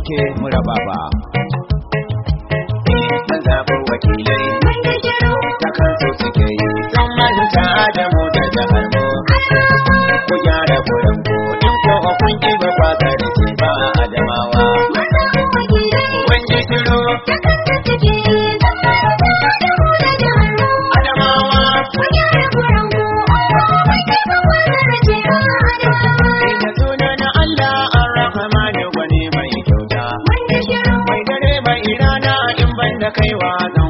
muke mu raba ta kaiwa nan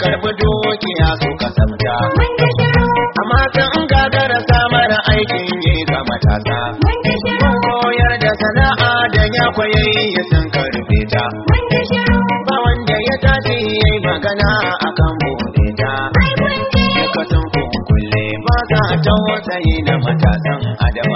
karbi dukiya su samta, Amma kan gagara samar aikin yi ga matasa. koyar da sana'a da ya kwayayi san karfe ta. Ba wanda ya tashi ya yi magana a kan bude ta. Duka sun kunkulle ba za a tawasayi matasan adama.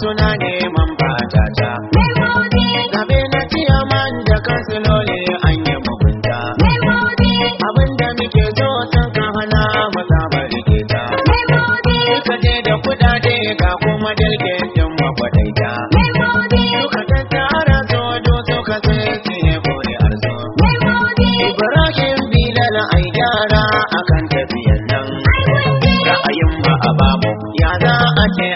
suna neman fatata. Zabe na ciyaman da kansiloli an yi mugunta. Abinda muke zo sun ka hana masa barikita. Suka je da kudade ga kuma dalgin din makwadaita. Suka tattara sojo ka sai siye kore arzo. Ibrahim Bilal ai gyara akan tafiyan nan. Ra'ayin ba a bamu ya za a ce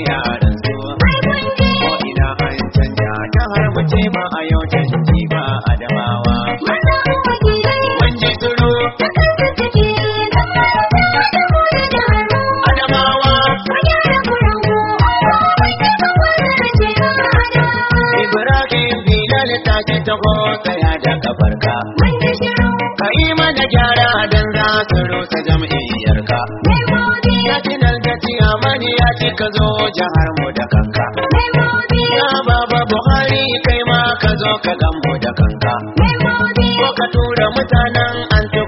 kazo zo jihar mu da kanka. Ya baba Buhari kai ma ka zo ka gambo da kanka. Ko ka tura mutanen anti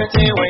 ta ce wai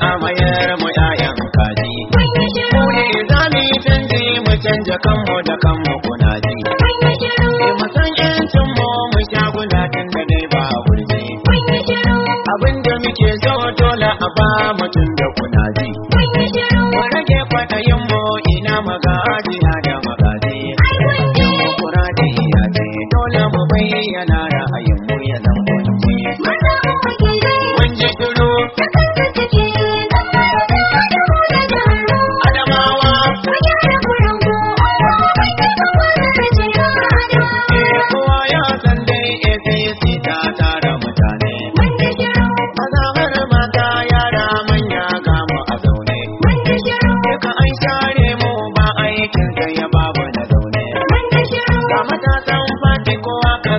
canja kanmu da kanmu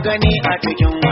gani a cikin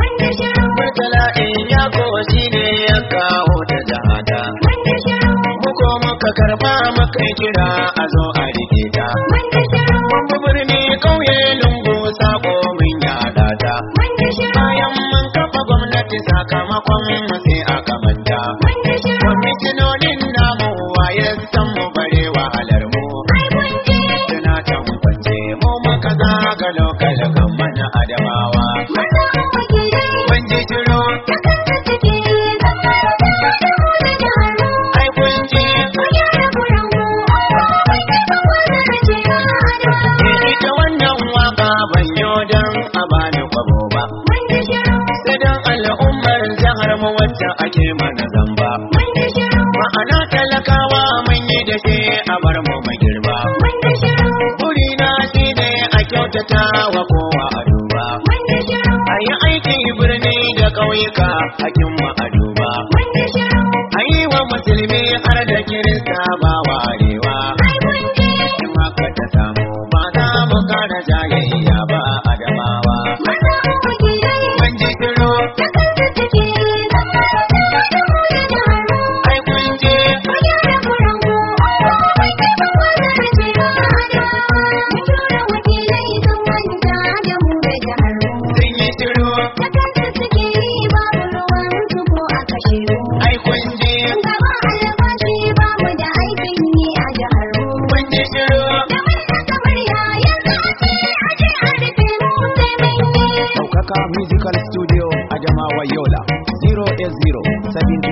kuma kai kira a zo a rike birni kauye lungu sako mun yada ta. Bayan mun kafa gwamnati sakamakon mu sai aka manta. Kwamishinonin namu waye san mu bare wahalar mu. Ai mun je. Tana mu mu muka za Mana talakawa mun yi da ke a bar mu mai girba. na shi ne a kyautata wa kowa a duba. A yi aiki birni da ƙauyuka a Musical Studio, Ajama Wayola, 080